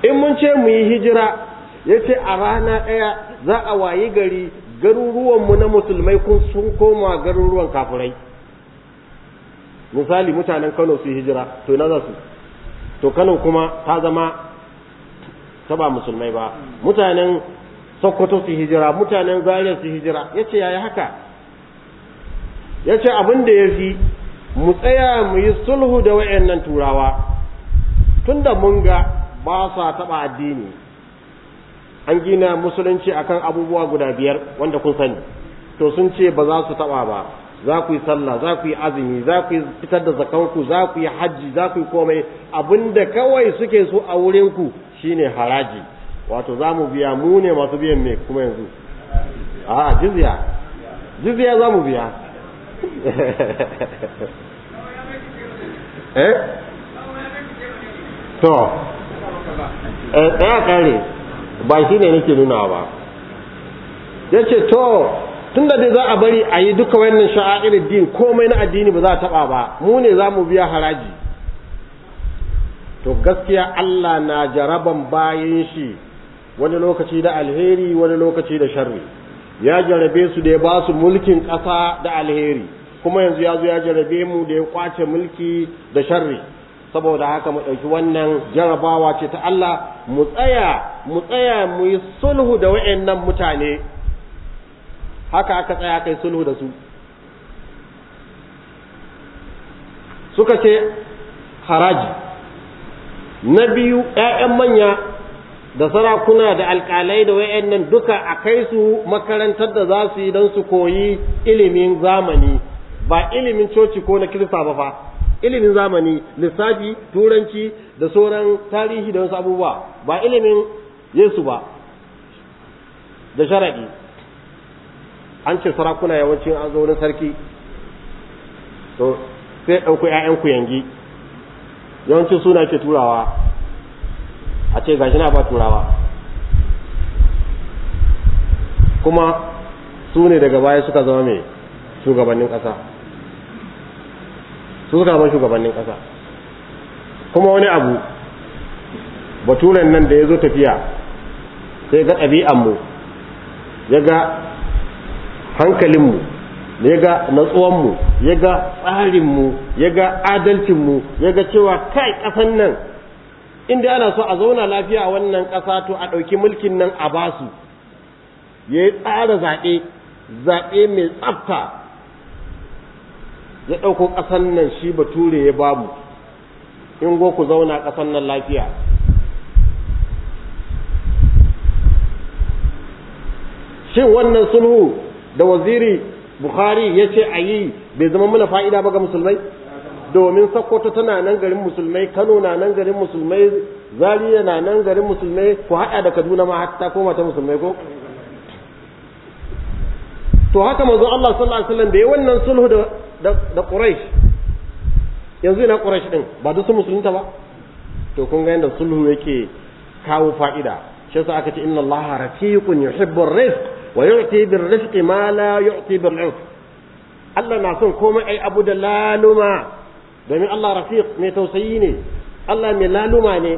in mun ce mu yi hijira ya ce a rana ɗaya za a wayi gari garuruwanmu na musulmai sun koma garuruwan kafirai misali mutanen kano su yi hijira to na za su to kano kuma ta zama ta ba musulmai ba mutanen sokoto su yi hijira mutanen zaria su yi hijira ya ce yaya haka ya ce abin da ya fi mu tsaya mu yi sulhu da wayannan turawa tunda mun ga ba sa taɓa addini an gina musulunci akan abubuwa guda biyar wanda kun sani to sun ce ba za su taɓa ba za ku yi sallah za ku yi azumi za ku yi fitar da zakanku za ku yi hajji za ku yi komai abin da kawai suke so a wurinku shine haraji wato za mu biya mu ne masu biyan me kuma yanzu a jizya jizya za mu biya eh to eh daya kare ba shi ne nake nuna ba yace to tunda dai za a bari a yi duka wannan sha'airin din komai na addini ba za a taba ba mu ne za mu biya haraji to gaskiya Allah na jaraban bayan shi wani lokaci da alheri wani lokaci da sharri ya jarabe su da ya ba su mulkin ƙasa da alheri kuma yanzu ya zo ya jarabe mu da ya kwace mulki da sharri saboda haka mu ɗauki wannan jarabawa ce ta Allah mu tsaya mu tsaya mu yi sulhu da wa'annan mutane haka aka tsaya kai sulhu da su suka ce haraji na biyu ‘ya'yan manya da sarakuna da alƙalai da wayannan duka a kai su makarantar da za su yi don su koyi ilimin zamani ba ilimin coci ko na kirista ba fa ilimin zamani lissafi turanci da sauran tarihi da wasu abubuwa ba ilimin yesu ba da sharaɗi an ce sarakuna yawancin an zo sarki to sai ɗauko ‘ya'yan ku yangi yawancin suna ke turawa a ce gashi na ba turawa kuma su ne daga baya suka zama mai shugabannin kasa su suka zama shugabannin kasa kuma wani abu baturen nan da ya zo tafiya sai ga ɗabi'anmu ya ga hankalinmu ya ga natsuwanmu ya ga tsarinmu ya ga adalcinmu ya ga cewa kai ƙasan nan in inda ana so a zauna lafiya a wannan ƙasa to a ɗauki mulkin nan a basu ya yi tsara zaɓe zaɓe mai tsafta ya ɗauko ƙasan nan shi bature ya babu in go ku zauna ƙasan nan lafiya shin wannan sulhu da waziri bukhari ya ce a yi bai zama mana fa'ida ba ga musulmai domin sokoto tana nan garin musulmai kano na nan garin musulmai zariya na nan garin musulmai ku haɗa da kaduna ma hatta koma ta musulmai ko to haka mazo Allah sallallahu alaihi wasallam da yayin wannan sulhu da da Quraysh yanzu ina Quraysh din ba duk su musulunta ba to kun ga yanda sulhu yake kawo fa'ida shi yasa aka ce inna Allah rafiqun yuhibbu ar rizq wa yu'ti bir-rifqi ma la yu'ti bil-'urf Allah na son komai ai abu da laluma domin Allah rafiq mai tausayi ne Allah mai laluma ne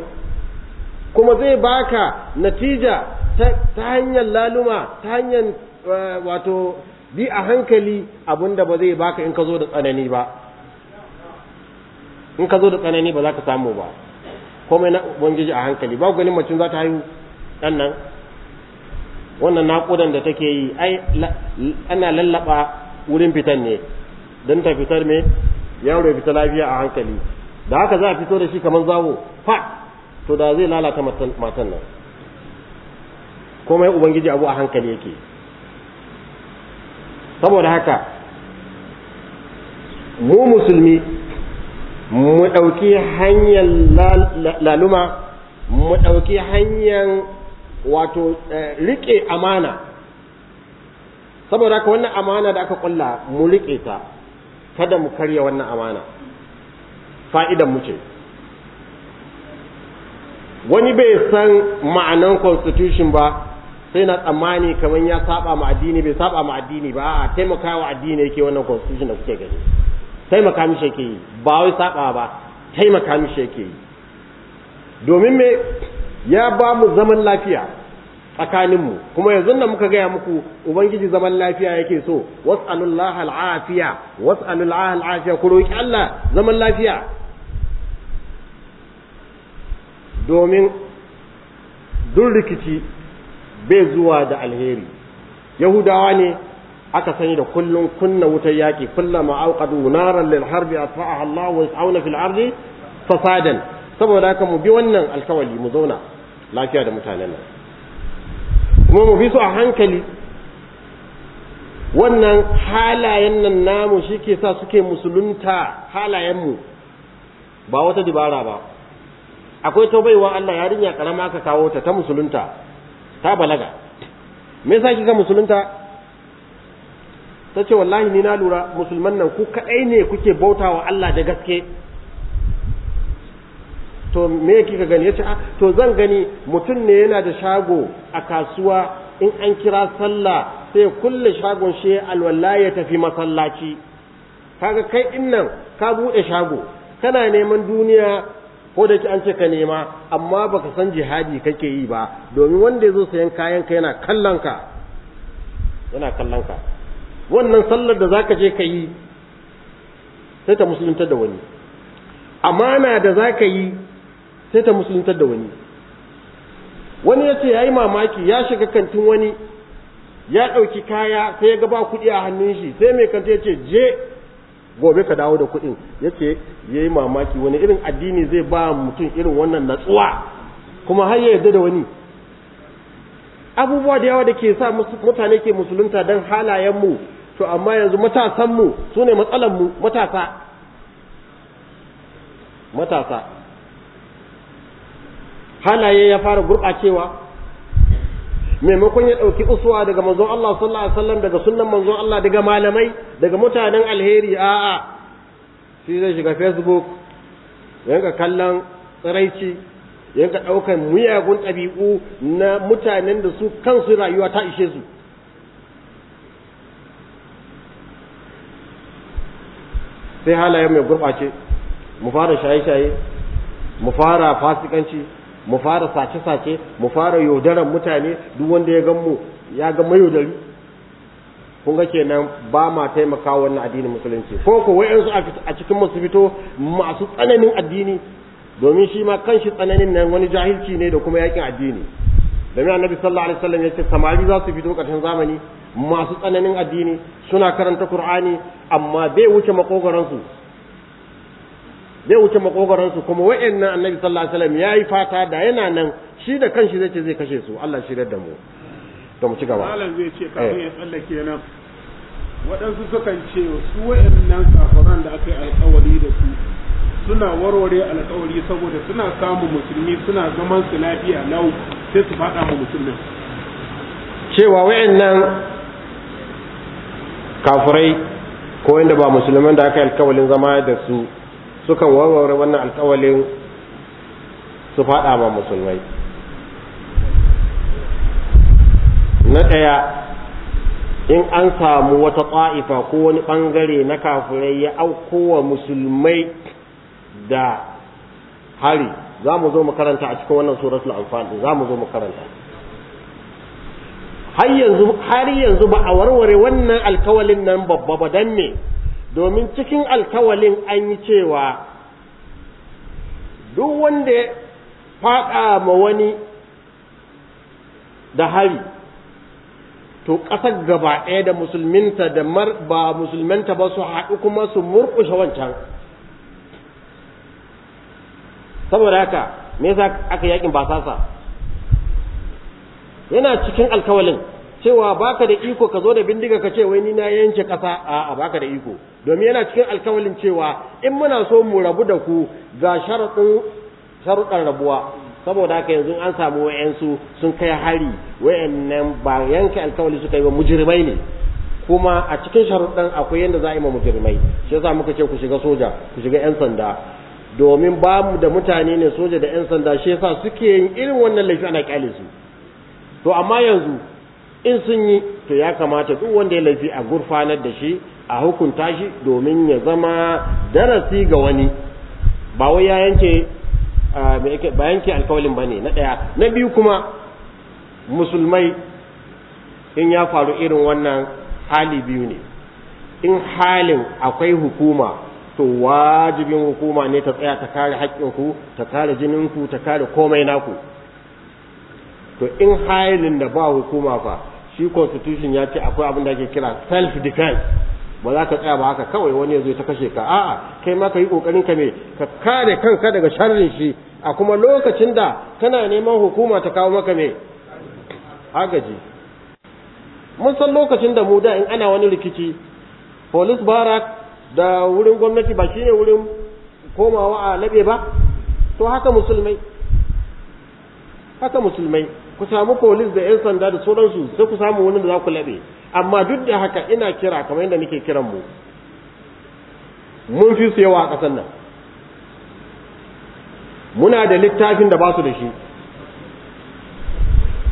kuma zai baka natija ta hanyar laluma ta hanyar eh, wato bi a hankali abinda ba zai baka in ka zo da tsanani ba in ka zo da tsanani ba za ka samu ba komai na ubangiji a hankali ba ganin macin za ta haihu ɗan nan wannan naƙudan da take yi ai ana lallaba wurin fitan ne don ta fitar me yaro ya fita lafiya a hankali da haka za a fito da shi kamar zawo fa to da zai lalata matan nan komai ubangiji abu a hankali yake saboda haka mu musulmi mu ɗauki hanyar laluma mu ɗauki hanyar wato eh, riƙe amana saboda haka wannan amana da aka ƙulla mu rike ta kada mu karya wannan amana fa'idan mu ce wani bai san ma'anan constitution ba sai na tsammani kamar ya saba ma addini bai saba ma addini ba a taimaka wa addini yake wannan constitution da kuke gani taimaka mishi yake yi ba wai saba ba taimaka mishi yake yi domin me ya ba mu zaman lafiya tsakaninmu kuma yanzu da muka gaya muku ubangiji zaman lafiya yake so was'alullaha al'afiya was'alullaha al'afiya ku roki Allah zaman lafiya domin duk rikici bai zuwa da alheri yahudawa ne aka sani da kullum kunna wutar yaki kullama auqadu naran lil harbi atfa'aha Allah wa yas'auna fil ardi fasadan saboda haka mu bi wannan alkawali mu zauna lafiya da mutanen nan kuma mu fi su a hankali wannan halayen nan namu shi ke sa suke musulunta halayenmu ba wata dubara ba akwai taubaiwa Allah yarinya karama aka kawo ta ta musulunta ta balaga me yasa kika musulunta ta ce wallahi ni na lura musulman nan ku kadai ne kuke bautawa Allah da gaske to me kika gani yace ah to zan gani mutum ne yana da shago a kasuwa in an kira sallah sai kulle shagon shi alwalla ya tafi masallaci kaga kai innan ka bude shago kana neman duniya ko da ki an ce ka nema amma baka san jihadi kake yi ba domin wanda yazo sayan kayan ka yana kallon ka yana kallon ka wannan sallar da zaka je ka yi sai ta musulunta da wani amana da zaka yi sai ta musuluntar da wani wani ya ce ya yi mamaki ya shiga kantin wani ya ɗauki kaya sai ya gaba kuɗi a hannun shi sai mai kanta ya ce je gobe ka dawo da kuɗin ya ce ya yi mamaki wani irin addini zai ba mutum irin wannan natsuwa kuma har ya yarda da wani abubuwa da yawa da ke sa mutane ke musulunta don halayenmu to amma yanzu matasanmu su ne matsalanmu matasa matasa halaye ya fara gurɓacewa maimakon ya ɗauki uswa daga manzon Allah sallallahu alaihi wasallam daga sunnan manzon Allah daga malamai daga mutanen alheri a'a shi zai shiga facebook yanka kallon tsiraici yanka ɗaukar muyagun ɗabi'u na mutanen da su kansu rayuwa ta ishe su sai halayen mai gurɓace mu fara shaye-shaye mu fara fasikanci mu fara sace-sace mu fara yaudaran mutane duk wanda ya gan mu ya ga mayaudari kun ga kenan ba ma taimaka wannan addinin musulunci ko ko wayansu a cikin masu fito masu tsananin addini domin shi ma kanshi tsananin nan wani jahilci ne da kuma yakin addini domin annabi sallallahu alaihi wasallam yace samari za su fito karshen zamani masu tsananin addini suna karanta qur'ani amma bai wuce makogaransu zai wuce makogaransu kuma wa'annan annabi sallallahu alaihi wasallam yayi fata da yana nan shi da kanshi zai ce zai kashe su Allah shi da mu to mu ci gaba Allah zai ce kafin eh. ya tsallake nan waɗansu sukan ce su nan kafiran da aka yi alƙawari da su suna warware alƙawari saboda suna samun musulmi suna zaman su lafiya lau sai su faɗa mu musulmin cewa nan kafirai ko wanda ba musulman da aka yi alƙawarin zama da su sukan warware wannan alkawalin su faɗa ma musulmai na ɗaya in an samu wata ƙa'ifa ko wani ɓangare na kafirai ya wa musulmai da hari za mu zo mu karanta a cikin wannan suratul anfal za mu zo makaranta har yanzu har yanzu ba a warware wannan alkawalin nan babba ba dan me domin cikin alkawalin an yi cewa duk wanda ya faɗa ma wani da hari to ƙasar gaba ɗaya da musulminta da mar ba musulminta ba su haɗu kuma su murƙushe wancan saboda haka me yasa aka yakin basasa yana cikin alkawalin cewa baka da iko ka zo da bindiga ka ce wai ni na yanke ƙasa a'a baka da iko domin yana cikin alkawalin cewa in muna so mu rabu da ku ga sharaɗin sharuɗar rabuwa saboda haka yanzu an samu wayansu sun kai hari wayannan ba yanke alkawali suka yi ba mujrimai ne kuma a cikin sharuɗan akwai yanda za a yi ma mujrimai shi yasa muka ce ku shiga soja ku shiga yan sanda domin ba mu da mutane ne soja da yan sanda shi yasa suke yin irin wannan laifi ana kyale su to amma yanzu in sun yi to ya kamata duk wanda ya laifi a gurfanar da shi a hukunta shi domin ya zama darasi ga wani ba wai ya yanke ba yanke alkawalin bane na ɗaya na biyu kuma musulmai in ya faru irin wannan hali biyu ne in halin akwai hukuma to wajibin hukuma ne ta tsaya ta kare haƙƙinku ta kare jininku ta kare komai naku to in halin da ba hukuma fa shi constitution ya ce akwai abin da ake kira self defense ba za ka tsaya ba haka kawai wani zai ta kashe ka a'a kai ma ka yi kokarin ka me ka kare kanka daga sharrin shi a kuma lokacin da kana neman hukuma ta kawo maka me agaji mun san lokacin da mu da in ana wani rikici police barak da wurin gwamnati ba shine wurin komawa a labe ba to haka musulmai haka musulmai ku samu polis da 'yan sanda da sauransu sai ku samu wani da za ku laɓe amma duk da haka ina kira kamar yadda nake kiran mu mun fi su yawa a ƙasar nan muna da littafin da ba su da shi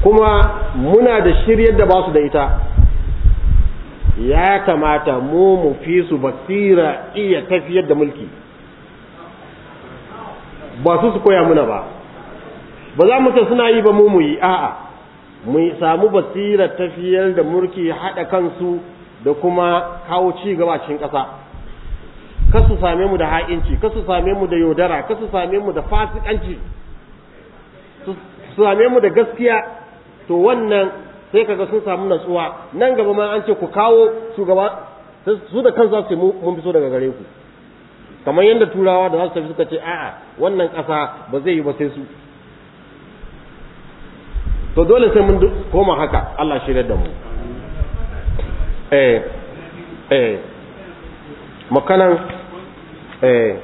kuma muna da shiryar da ba su da ita ya kamata mu mu fi su basira iya tafiyar da mulki ba su su koya muna ba ba za mu ce suna yi ba mu mu yi a'a mu samu basira tafiyar da mulki haɗa kansu da kuma kawo ci gaba cikin ƙasa kasu same mu da ha'inci kasu same mu da yaudara kasu same mu da fasikanci su same mu da gaskiya to wannan sai kaga sun samu natsuwa nan gaba ma an ce ku kawo shugaba su da kansu su mun fi so daga gare ku kamar yadda turawa da za su tafi suka ce a'a wannan ƙasa ba zai yi ba sai su to dole sai mun koma haka Allah shirya da mu eh eh makanan eh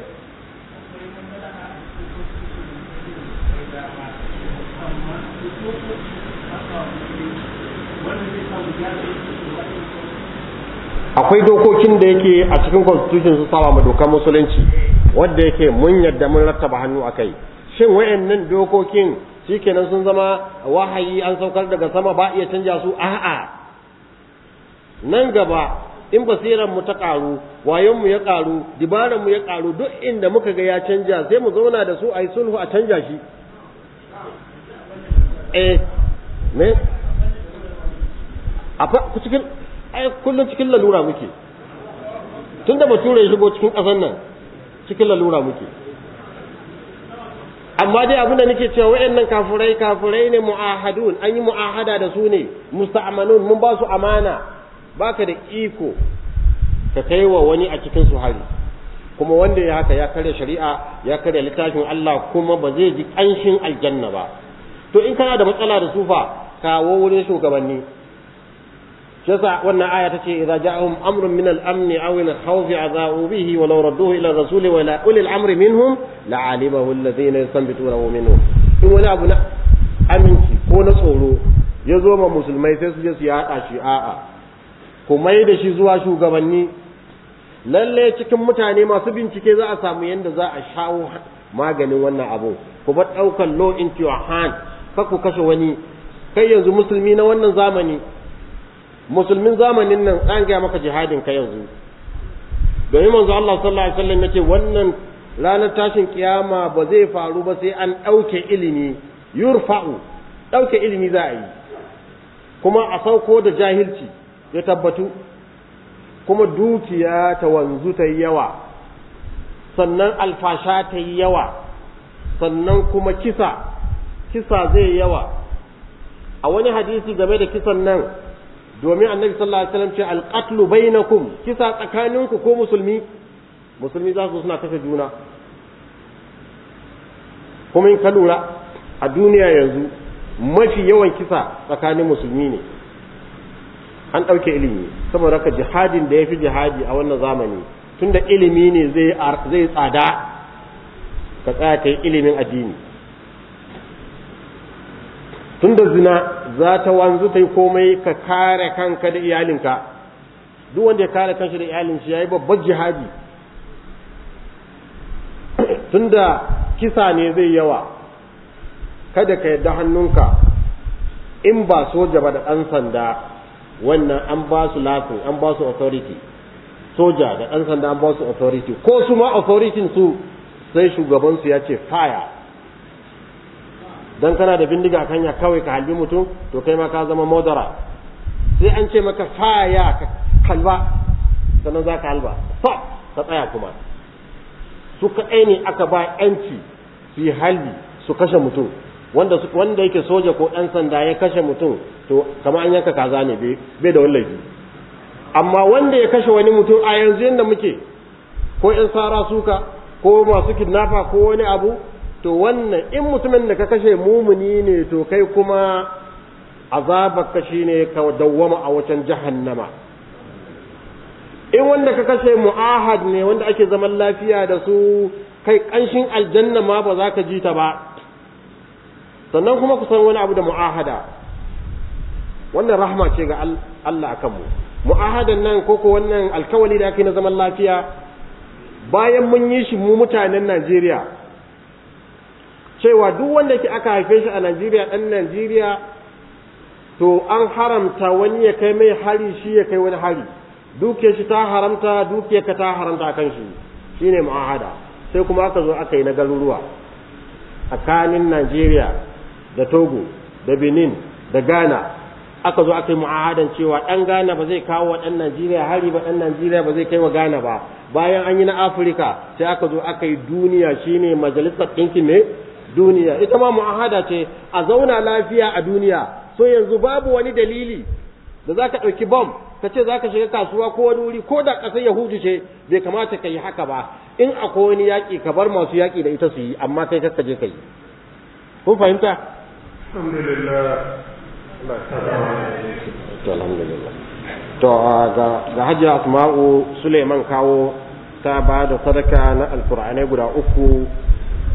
akwai dokokin da yake a cikin constitution su saba ma dokar musulunci wanda yake mun yadda mun rattaba hannu akai shin wayannan dokokin shikenan sun zama wahayi an saukar daga sama ba iya canja su a'a nan gaba in basiran mu ta karu wayon mu ya karu dibaran mu ya karu duk inda muka ga ya canja sai mu zauna da su ayi sulhu a canja shi eh me a fa cikin ai kullun cikin lalura muke tunda bature ya shigo cikin kasan nan cikin lalura muke amma dai abinda nake cewa wayannan kafurai kafurai ne mu'ahadun an yi mu'ahada da su ne musta'manun mun ba su amana baka da iko ka kai wa wani a cikin su hari kuma wanda ya haka ya karya shari'a ya karya littafin Allah kuma ba zai ji kanshin aljanna ba to in kana da matsala da sufa kawo wurin shugabanni shi yasa wannan aya tace idza ja'ahum amrun min al-amn aw al-khawfi adha'u bihi wa law radduhu ila ar-rasul wa ila ulil amri minhum la'alimahu alladhina yastanbitunahu minhum in wani abu na aminci ko na tsoro ya zo ma musulmai sai su je su yaɗa shi a'a ku mai da shi zuwa shugabanni lalle cikin mutane masu bincike za a samu yadda za a shawo maganin wannan abu ku bar ɗaukar law into your hand kar ku kashe wani kai yanzu musulmi na wannan zamani musulmin zamanin nan an gaya maka jihadin ka yanzu domin manzo Allah sallallahu alaihi wasallam yace wannan ranar tashin kiyama ba zai faru ba sai an ɗauke ilimi yurfa'u ɗauke ilimi za a yi kuma a sauko da jahilci ya tabbatu kuma dukiya ta wanzu ta yi yawa sannan alfasha ta yi yawa sannan kuma kisa kisa zai yawa a wani hadisi game da kisan nan domin annabi sallallahu alaihi wasallam ce alqatlu bainakum kisa tsakaninku ko musulmi musulmi za su suna kashe juna kuma in ka lura a duniya yanzu mafi yawan kisa tsakanin musulmi ne an ɗauke ilimi saboda ka jihadin da ya fi jihadi a wannan zamani tunda ilimi ne zai tsada ka tsaya ka yi ilimin addini tunda zina za ta wanzu ta yi komai ka kare kanka da iyalinka duk wanda ya kare kanshi da iyalin shi yi babban jihadi tunda kisa ne zai yawa kada ka yadda hannunka in ba soja ba da ɗan sanda wannan an ba su lafin an ba su authority soja da ɗan sanda an ba su authority ko su ma authority su sai shugabansu ya ce fire dan kana da bindiga kan ya kawai ka halbi mutum to kai ma ka zama modara sai an ce maka faya ka kalba sannan za ka halba fa ka tsaya kuma su kaɗai ne aka ba yanci su yi halbi su kashe mutum wanda wanda yake soja ko ɗan sanda ya kashe mutum to kamar an yanka kaza ne bai da wallahi amma wanda ya kashe wani mutum a yanzu yadda muke ko 'yan sara suka ko masu kidnapper ko wani abu to wannan in mutumin da ka kashe mumuni ne to kai kuma azabarka shine ka dawwama a wajen jahannama in wanda ka kashe mu'ahad ne wanda ake zaman lafiya da su kai kanshin aljanna ma ba za ka ji ta ba sannan kuma ku san wani abu da mu'ahada wannan rahma ce ga Allah akan mu mu'ahadan nan ko ko wannan alkawali da ake na zaman lafiya bayan mun yi shi mu mutanen Najeriya cewa duk wanda ke aka haife shi a Najeriya ɗan Najeriya to an haramta wani ya kai mai hari shi ya kai wani hari duke shi ta haramta duke ka ta haramta kan shi shine mu'ahada sai kuma aka zo aka yi na garuruwa tsakanin Najeriya da Togo da Benin da Ghana aka zo aka yi mu'ahadan cewa ɗan Ghana ba zai kawo wa ɗan Najeriya hari ba ɗan Najeriya ba zai kai wa Ghana ba bayan an yi na Afirka sai aka zo aka yi duniya shine majalisar ɗinkin ne duniya ita ma mu'ahada ce a zauna lafiya a duniya so yanzu babu wani dalili da zaka ɗauki bomb ka ce zaka shiga kasuwa ko wani wuri ko da ƙasar yahudu ce bai kamata ka yi haka ba in akwai wani yaƙi ka bar masu yaƙi da ita su yi amma kai ka je ka yi kun fahimta alhamdulillah to ga hajji asma'u suleiman kawo ta ba da sadaka na alkur'anai guda uku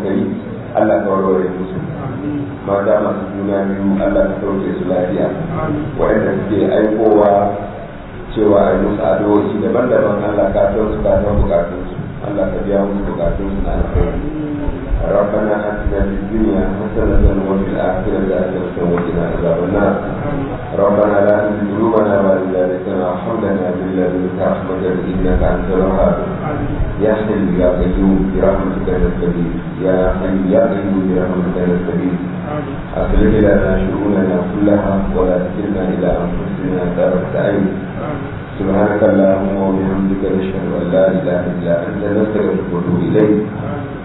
gari Allah ka warware musu mata masu juna biyu Allah ka sauke su lafiya waɗanda suke aikowa cewa a musu addu'o'i daban-daban Allah ka san su ka san bukatun Allah ka biya musu bukatun su na alheri ربنا في الدنيا حسنة وفي الآخرة لا حسنة وقنا عذاب النار ربنا لا تزغ قلوبنا بعد إذ هديتنا من لدنك إنك أنت الوهاب يا حي يا قيوم برحمتك نستغيث يا حي يا قيوم برحمتك نستغيث أصلح لنا شؤوننا كلها ولا تكلنا إلى أنفسنا دار عين سبحانك اللهم وبحمدك نشهد أن لا إله إلا أنت نستغفرك ونتوب إليك